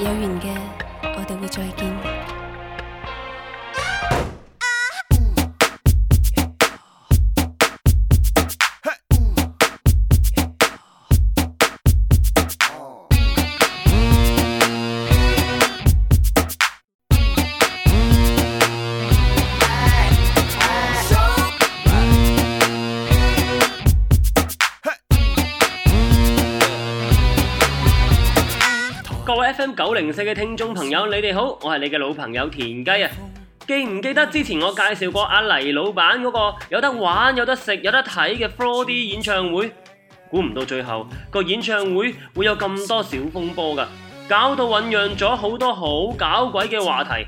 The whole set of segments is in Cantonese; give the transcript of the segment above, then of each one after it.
有緣嘅，我哋會再見。各位 FM 九零四嘅聽眾朋友，你哋好，我係你嘅老朋友田雞啊！記唔記得之前我介紹過阿黎老闆嗰個有得玩、有得食、有得睇嘅 4D 演唱會？估唔到最後嗰個演唱會會有咁多小風波噶，搞到醞釀咗好多好搞鬼嘅話題。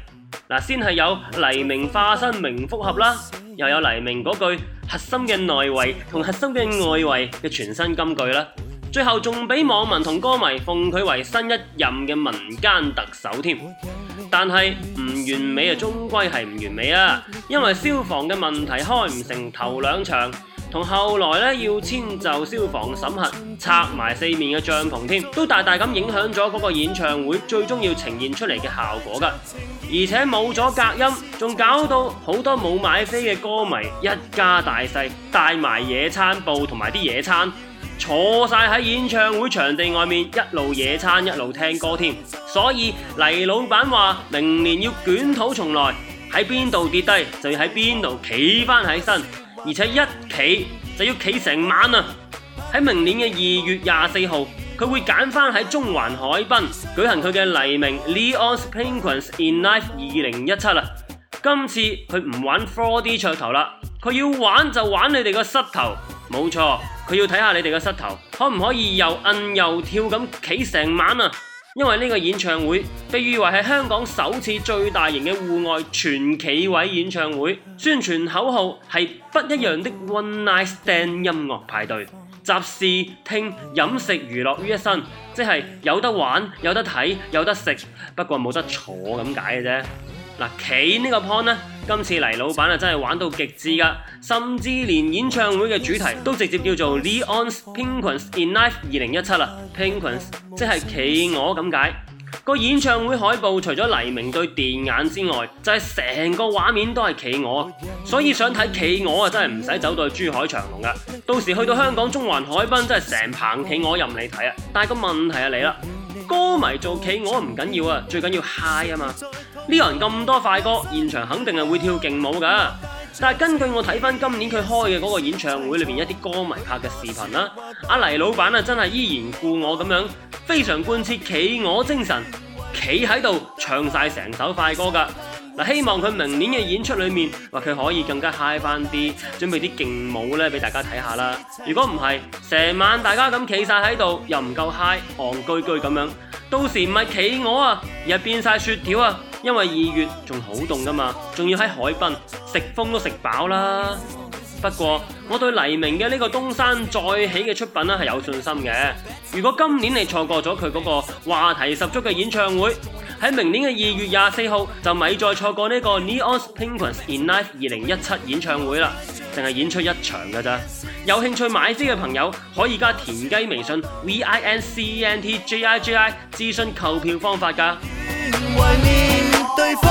嗱，先係有黎明化身名復合啦，又有黎明嗰句核心嘅內圍同核心嘅外圍嘅全新金句啦。最後仲俾網民同歌迷奉佢為新一任嘅民間特首添，但係唔完美啊，終歸係唔完美啊！因為消防嘅問題開唔成頭兩場，同後來咧要遷就消防審核拆埋四面嘅帳篷添，都大大咁影響咗嗰個演唱會最終要呈現出嚟嘅效果噶，而且冇咗隔音，仲搞到好多冇買飛嘅歌迷一家大細帶埋野餐布同埋啲野餐，坐晒喺演唱會場地外面，一路野餐，一路聽歌添。所以黎老闆話：明年要捲土重來，喺邊度跌低就要喺邊度企翻起身，而且一企就要企成晚啊！喺明年嘅二月廿四號，佢會揀翻喺中環海濱舉行佢嘅黎明《Leon's Pinkness in Life》二零一七啊！今次佢唔玩 4D 噱頭啦，佢要玩就玩你哋個膝頭，冇錯。佢要睇下你哋嘅膝頭可唔可以又韌又跳咁企成晚啊！因為呢個演唱會被譽為係香港首次最大型嘅戶外全企位演唱會，宣傳口號係不一樣的 One Night Stand 音樂派對，集視聽、飲食、娛樂於一身，即係有得玩、有得睇、有得食，不過冇得坐咁解嘅啫。嗱，企呢個 point 呢，今次黎老闆真係玩到極致噶，甚至連演唱會嘅主題都直接叫做《Leon's Penguins In Life 2017》啦。Penguins Pink 即係企鵝咁解。個演唱會海報除咗黎明對電眼之外，就係、是、成個畫面都係企鵝，所以想睇企鵝啊，真係唔使走到去珠海長隆噶。到時去到香港中環海濱，真係成棚企鵝任你睇啊！但係個問題啊你啦～歌迷做企鵝唔緊要啊，最緊要嗨啊嘛！呢個人咁多快歌，現場肯定係會跳勁舞噶。但係根據我睇翻今年佢開嘅嗰個演唱會裏面一啲歌迷拍嘅視頻啦，阿黎老闆啊真係依然故我咁樣，非常貫徹企鵝精神，企喺度唱晒成首快歌噶。希望佢明年嘅演出裏面，話佢可以更加嗨翻啲，準備啲勁舞咧俾大家睇下啦。如果唔係，成晚大家咁企曬喺度，又唔夠嗨，憨居居咁樣，到時唔係企鵝啊，而係變曬雪條啊，因為二月仲好凍㗎嘛，仲要喺海濱食風都食飽啦。不過，我對黎明嘅呢個東山再起嘅出品咧係有信心嘅。如果今年你錯過咗佢嗰個話題十足嘅演唱會，喺明年嘅二月廿四號就咪再錯過呢個 Neons Pinkness in Life 二零一七演唱會啦，淨係演出一場嘅咋。有興趣買票嘅朋友可以加田雞微信 v i n c e n t j i g i 諮詢購票方法㗎。懷念對方